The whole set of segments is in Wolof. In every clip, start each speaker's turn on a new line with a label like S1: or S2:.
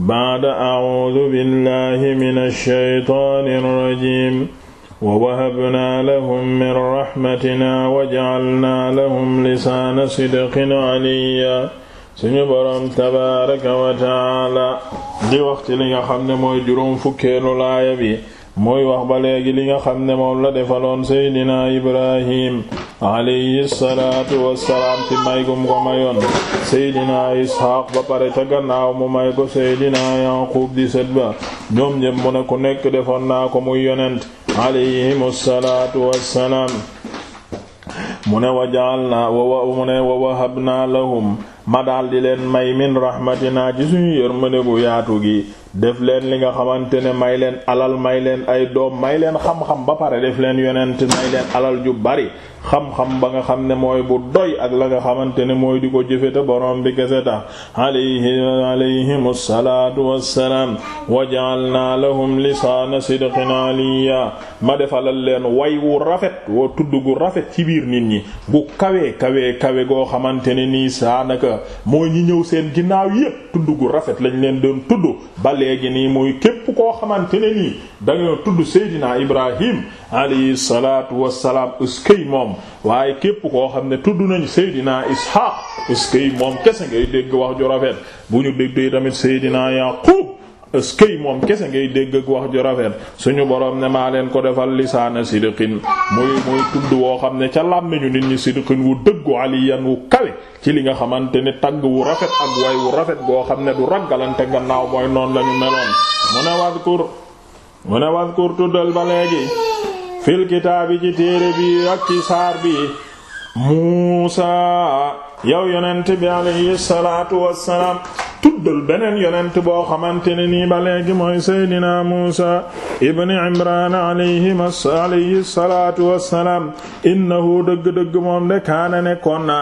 S1: baada acuudu billahi min alshaytaani alrajim wa wahabnaa lahum min raxmatina wa jacalnaa lahum lisaana sidqin caliya suñu boroom tabaaraka wa tacaala di waxti li nga xam ne mooy juróom fukkeelu laaya bi mooy wax ba léegi li nga xam ne moom la defaloon seydinaa ibrahim alayhi salaatu wassalaam ci may gum ko mayoon seydina Isxaaq ba pare ca gannaaw mu may ko seydina Yaaqub di sët ñoom ñépp mu ne ku nekk defoon naa ko muy yonent alayhimu salaatu wassalaam mu ne wa ja'alnaa mu ne wa wahabnaa lahum ma daldi leen may min rahmatinaa ci suñu yërmande gu yaatu gi def leen li nga xamante ne may leen alal may leen ay doom may leen xam-xam ba pare def leen yonent may leen alal ju bari xam-xam ba nga xam ne mooy bu doy ak la nga xamante ne mooy di ko jëfe te borom bi kese tax alayhi alayhim assalaatu wassalaam waja'alna lahum lisaana sidqin aliya ma defalal leen waywu rafet woo tudd gu rafet ci biir nit ñi gu kawe kawe kawe goo xamante ne nii saanaka mooy ñi ñëw seen ginnaaw yépp tudd gu rafet lañ leen doon tudd léegi nii mooy képp koo xamante ne nii dañoo tudd seydinaa Ibrahim alayhi salaatu wassalaam uskay moom waaye képp koo xam ne tudd nañ Seydina Ishaq uskay moom kese ngay dégg wax ju rafet bu ñu déggee tamit Seydina Yaqub ëskëy moom kese ngay dégg ak wax ju rafet suñu borom ne maa leen ko defal lisaana sidqin muy muy tudd woo xam ne ca làmmiñu nit ñi sidqin wu dëggu aliyan wu kawe ci li nga xamante ne tagg wu rafet ak way wu rafet goo xam ne du raggalante gannaaw mooy noonu lañu meloon mu ne wadkur mu ne wadkur tuddal ba léegi fil kitaabi ci téere bi ak ci saar bi Muusa yow yonent bi alayhi salaatu wassalaam tuddal beneen yonent boo xamante ne nii ba léegi mooy Seydina Muusa ibn Imraan alayhi alayhi salaatu wassalaam innahu dëgg-dëgg moom de kaana nekkoon na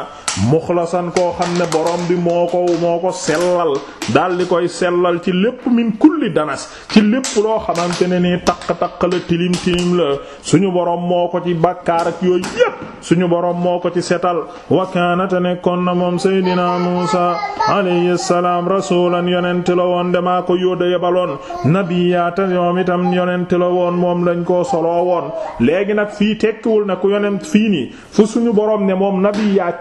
S1: muxlasan koo xam ne borom bi moo ko moo ko sellal daal di koy sellal ci lépp min kulli danas ci lépp loo xamante ne nii taq-taq la tilim tilim la suñu borom moo ko ci bàkkaar ak yépp suñu borom moo ko ci setal wa kaana te nekkoon na moom Seydina Muusa alayhi salaam rasulan yonent la woon damaa ko yóoda yebaloon nabiyaata ñoom itam yonent la woon moom lañ koo soloo woon léegi nag fii tekkiwul na ku yonent fii nii fu suñu borom ne moom nabiyaa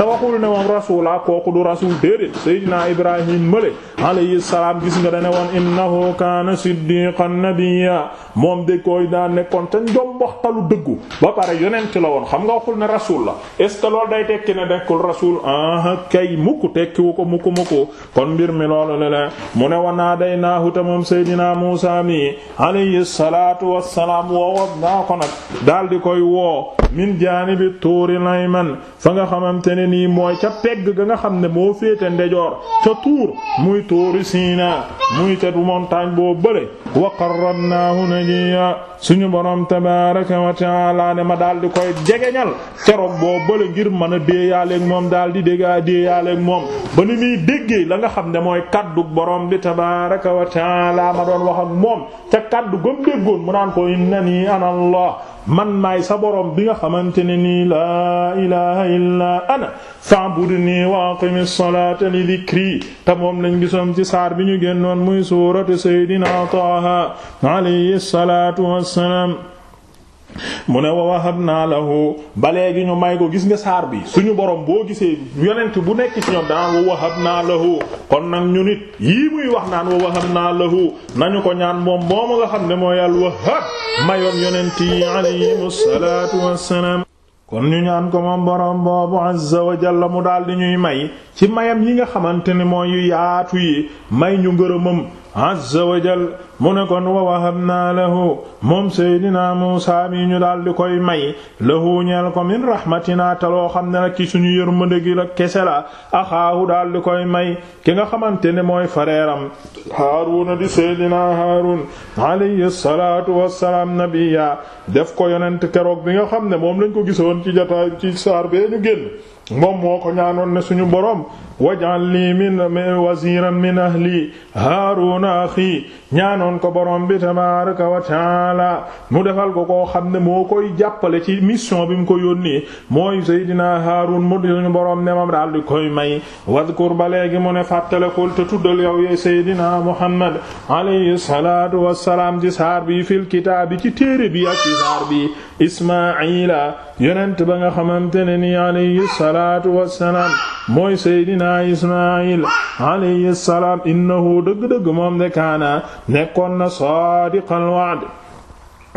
S1: te waxul ne woon rasula kooku du rasul déedéet seydina ibrahim male alayhi salaam gis nga dane woon innahu kaana siddiqan nabiyya moom de koy daan nekkoon te njom waxtalu dëggu ba pare yonent la woon xam nga waxul ne rasul la est ce que loolu day tekki ne nekkul rasul aha kay mukk tekkiwu ko mukk mukk kon mbir mi loolu la la mu ne woon naa day naahu ta moom seydina muusa mi alayhi salaatu wassalaam woowoon naa ko nag daal di koy woo min jaanibi tuuri layman nii mooy ca pegg ga nga xam ne moo féete ndejoor ca tuur muy tuuri Siina muy ca montagne boo bële na qarrabnaahu najiya suñu borom tabaaraka wa ta'aala ne ma daal di koy jegeñal keroog boo bële ngir mën a déeyaaleeg moom daal di déggaa déeyaaleeg moom ba ni muy déggee la nga xam ne mooy kaddu borom bi tabaaraka wa ta'aala ma doon wax ak moom ca kaddu gëm déggoon mu naan ko innanii ana Allah man maay sa borom bi nga xamante ne nii laa ilaha illa ana fa'budni wa aqimi ssalata li dhikri te moom lañ gisoon ci saar bi ñu génnoon muy suuratu saydina Taaha alayhi salaatu wassalaam mu ne wa wahabna lahu ba léegi ñu may ko gis nga saar bi suñu borom boo gisee yonent bu nekk ci ñoom daan wa wahabna lahu kon nag ñu nit yii muy wax naan wa wahabna lahu nañu ko ñaan moom moomu nga xam ne mooy al wahhab mayoon yonent yi alayhimu salaatu kon ñu ñaan ko moom borom boobu azza wa mu daal di ñuy may ci mayam yi nga xamante ne mooy yu yaatu yi may ñu ngërëmam azza wa jal mu ne kon wa wahabnaa lahu moom seydinaa muusaa mi ñu daal di koy may lahu ñeel ko min rahmatinaa te loo xam ne nag ci suñu yërmande gi la kese la axaahu daal di koy may ki nga xamante ne mooy fareeram haaruna di seydinaa haarun alayhi salaatu def ko yonent keroog bi nga xam ne moom lañ ko gisoon ci jataay ci saar bee ñu génn moom moo ko ñaanoon ne suñu borom waj'al lii min waziran min ahli haaruna axi ñaanoon ko borom bi tabaaraka wa taala mu defal ko ko xam ne moo koy jàppale ci mission bi mu ko yónnee mooy seydinaa haarun mu di suñu boroom ne moom daal di koy may wadkur ba léegi mu ne fàttalekul te tuddal yow yee seydinaa muhammad alayhi salaatu saar bi fil kitaab bi ci téere bi ak ci saar bi ismaayila ba nga xamante ne ni alayhi salaatu salaatu mooy seydinaa ismaayil alayhi salaam innahu dëgg-dëgg moom de kaana nekkoon na saadiqal wa'd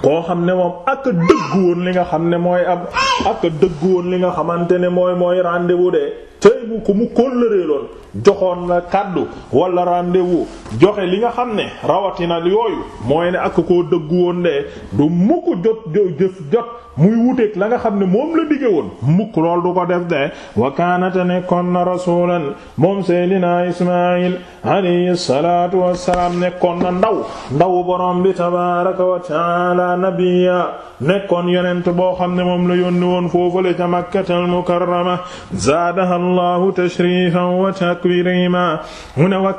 S1: koo xam ne moom ak dëgg woon li nga xam ne mooy ab ak dëgg woon li nga xamante ne mooy mooy rendez de tey bu ko mu kóllëreeloon joxoon la kàddu walla rendez joxe li nga xam ne rawatina yooyu mooy ne ak koo dëggu woon de du mukk jot jëf jot muy wuteek la nga xam ne moom la dige woon mukk lool du ko def de wa kaanata nekkoon na rasulan moom seydinaa ismaayil alayhi salaatu wassalaam nekkoon na ndaw ndaw borom bi tabaaraka wa taala nabiya nekkoon yonent boo xam ne moom la yónni woon foofale ca makkatal mukarrama zaadaha allahu tashrifan wa takrima mu ne wa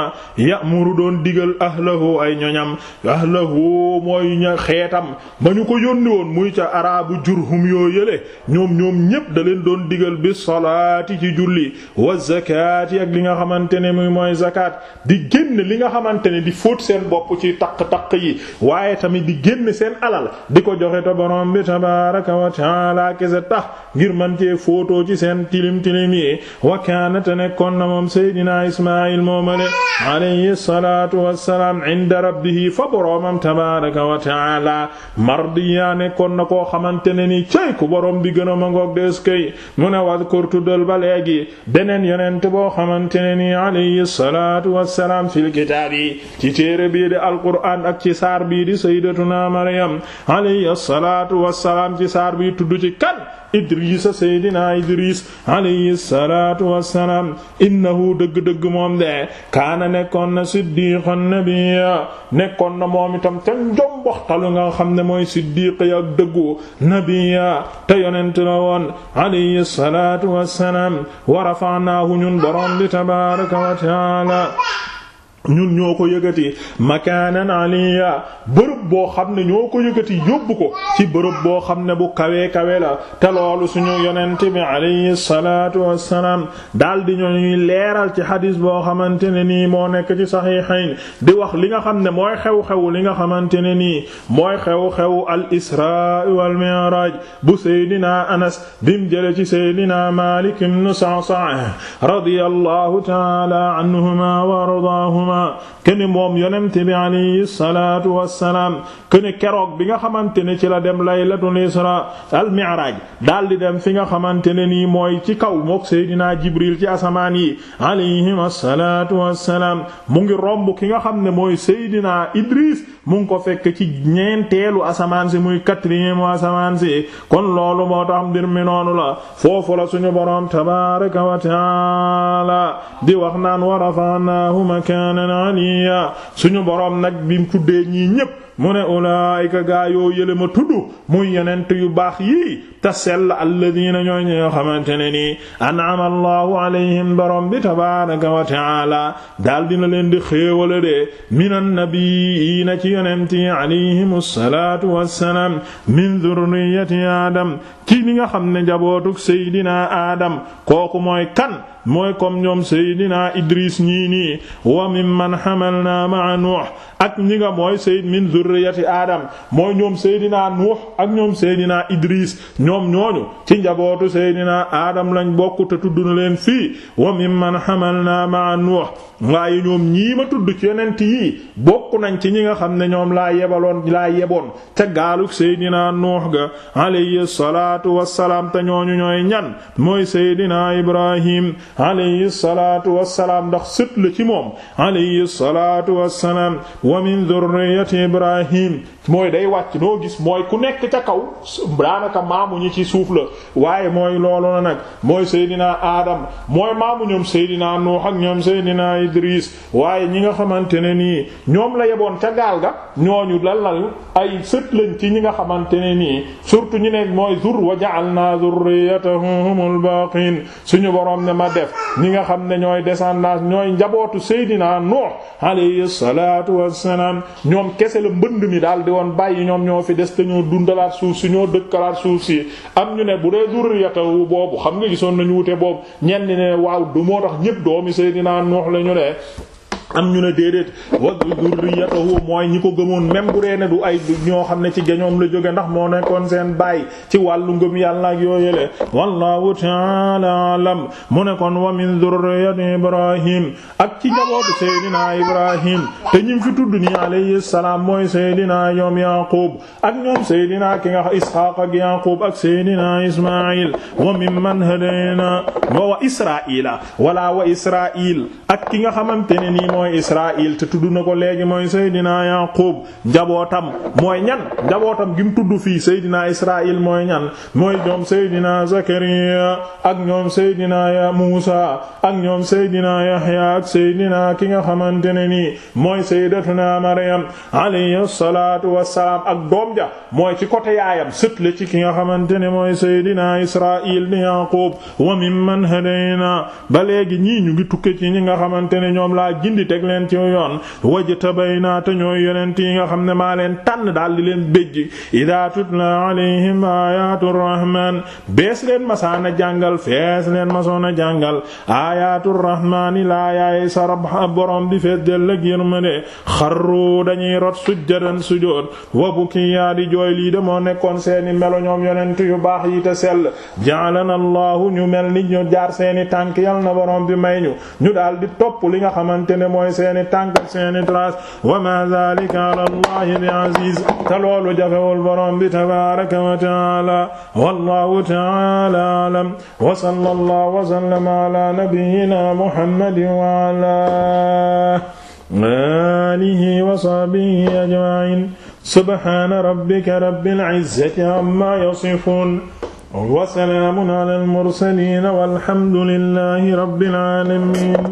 S1: na ya'muru doon digal ahlahu ay ñoñam ahlahu mooy ña xeetam ba ñu ko yónni woon muy ca arabu jurhum yoo yële ñoom ñoom ñépp da leen doon digal bi salaati ci julli wa zakaati ak li nga xamante ne muy mooy zakat di génn li nga xamante ne di fóot seen bopp ci takk-takk yi waaye tamit di génn seen alal di ko joxe ta borom bi tabaraka wa taala kese tax ngir man cee fóotoo ci seen tilim tilim yi wa kaanate nekkoon na moom seydinaa Ismaayil moomale alayhi salaatu wassalaam inda rabbihi fa boroomam tabaaraka nekkoon na koo xamante ne ni cey ku boroom bi gën a mangoog dees kay mu ne wadkur tuddal ba léegi beneen yonent boo xamante ne ni alayhi salaatu wassalaam fil kitaab yi ci téere bii di alquraan ak ci saar bii di sayyidatuna maryam alayhi salaatu wassalaam ci saar bii tudd ci kan idrisa seydina idris alayhi salaatu wassalaam innahu dëgg-dëgg moom de kaana nekkoon na siddiqan nabiyya nekkoon na moom itam te njomboxtalu nga xam ne mooy siddiq ya dëggu nabiyya te yonent la woon alayhi salaatu wassalaam wa rafa'naahu ñun borom bi tabaaraka wa ta'aala ñun ñoo ko yëgati makaanan aliya bërëb boo xam ne ñoo ko yëgati yóbbu ko ci bërëb boo xam ne bu kawee kawe la te loolu suñu yonent bi alayhi salaatu wassalaam daal di ñuy leeral ci xadiis boo xamante ne nii moo nekk ci saxiixayn di wax li nga xam ne mooy xew-xew li nga xamante ne nii mooy xew-xew al israa wal mi'raaj bu seydina anas bim jële ci seydina maalik ibn sa'sa'a radiyallahu ta'ala anhuma wa ardaahuma anhuma kene moom yonent bi alayhi salaatu wassalaam kene keroog bi nga xamante ne ci la dem laylatul isra al mi'raj di dem fi nga xamante ne nii mooy ci kaw mook seydinaa jibril ci asamaan yi alayhim assalaatu wassalaam mu ngi romb ki nga xam ne mooy seydinaa idris mu ko fekk ci ñeenteelu asamaan si muy quatrième asamaan si kon loolu moo tax mbir mi noonu la foofu la suñu boroom tabaaraka wa taala di wax naan wa rafa'naahu makaanan aliyya suñu boroom nag bi mu tuddee ñii ñépp mu ne ulaayika gaa yoo yële ma tudd muy yonent yu baax yii te sell alladina ñooy ñi nga xamante ne nii an'ama allahu alayhim borom bi tabaaraka wa ta'aala daal dina leen di xéewala de minan nabiyyiina ci yonent yi alayhimu salaatu wassalaam min dhurriyyati aadam ci ni nga xam ne njabootuk seydina aadam kooku mooy kan mooy comme ñoom seydina idris ñii nii wa mimman hamalnaa ma'a nuuh ak ñi nga mooy seyd min dhurriyyati zurriyati aadam mooy ñoom seydinaa nuux ak ñoom seydinaa idris ñoom ñooñu ci njabootu seydinaa aadam lañ bokk tudd na leen fii wa mimman hamalnaa ma nuux waaye ñoom ñii ma tudd ci yonent yii bokk nañ ci ñi nga xam ne ñoom laa yebaloon laa yeboon te gaaluk seydinaa nuux ga alayhi salaatu wassalaam te ñooñu ñooy ñan mooy seydinaa ibrahim alayhi salaatu wassalaam ndax sët la ci moom alayhi salaatu wassalaam wa min dhurriyyati ibrahim Ibrahim mooy day wàcc noo gis mooy ku nekk ca kaw daanaka maamu ñi ci suuf la waaye mooy loolu na nag mooy Seydina Adam mooy maamu ñoom Seydina Nuux ak ñoom Seydina Idris waaye ñi nga xamante ne nii ñoom la yeboon ca gaal ga ñooñu lalal ay sët ci ñi nga xamante ne nii surtout ñu ne mooy zur wa ja'alna zurriyatahum humul baqin suñu borom ne ma def ñi nga xam ne ñooy descendance ñooy njabootu Seydina Nuux alayhi salaatu wassalaam ñoom kese la mbënd mi daal di woon bàyyi ñoom ñoo fi des te ñoo dundalaat suuf si ñoo dëkkalaat suuf si am ñu ne bu dee durriyatahu boobu xam nga gisoon nañu wute boobu ñenn ne waaw du moo tax ñépp doomi Seydina Nuux la ñu ne am ñu ne déedéet wa durriyatahu mooy ñi ko gëmoon même bu dee du ay ñoo xam ne ci gañoom la jóge ndax moo nekkoon seen baay ci wàllu ngëm yàlla ak yooyele wallahu ta'ala alam mu ne kon wa min durriyati ibrahim ak ci njabootu seydina ibrahim te ñim fi tudd nii alayhi salaam mooy seydina ñoom yaqub ak ñoom seydina ki nga isxaaq ak yaqub ak seydina ismail wa mimman hadayna wa israila wala wa israil ak ki nga xamante ne nii mooy Israël te tudd na ko léegi mooy Seydina Yaqub njabootam mooy ñan njabootam gi mu tudd fii Seydina Israël mooy ñan mooy ñoom Seydina Zakariya ak ñoom Seydina ya ak ñoom Seydina Yahya ak Seydina ki nga xamante ne nii mooy Sayyidatuna Maryam alayhi salaatu wassalaam ak doom ja mooy ci côté yaayam sët la ci ki nga xamante ne mooy Seydina Israël ni Yaqub wa mimman hadayna ba léegi ñii ñu ngi tukke ci ñi nga xamante ñoom laa gindi teg leen ci yoon wajtabaynaa te ñooy yonent yi nga xam ne maa leen tànn daal di leen béjji idaa tutla alayhim ayaatu rahman bees leen masaana jàngal fees leen masoona jàngal ayaatu rahmaani laa yaay sa rab borom bi fees del ak yërmande xarru dañuy rot sujjadan sujood wa bukiya di jooy lii damoo nekkoon seeni melo ñoom yonent yu baax yi te sell ja'alana allahu ñu mel ni ñu jaar seeni tànk yal na borom bi may ñu ñu daal topp li nga xamante ne mooy seeni tànk seeni trace wa ma zalika ala allahi bi aziz te loolu jafewul borom bi tabaraka wa taala wallahu taala alam wa sallallahu wa sallama ala nabiyyina muhammadin wa ala alihi wa sahbihi ajma'in subhana rabbika rabbil izzati amma yasifun wa salaamun ala al mursalin walhamdulillahi rabbil alamin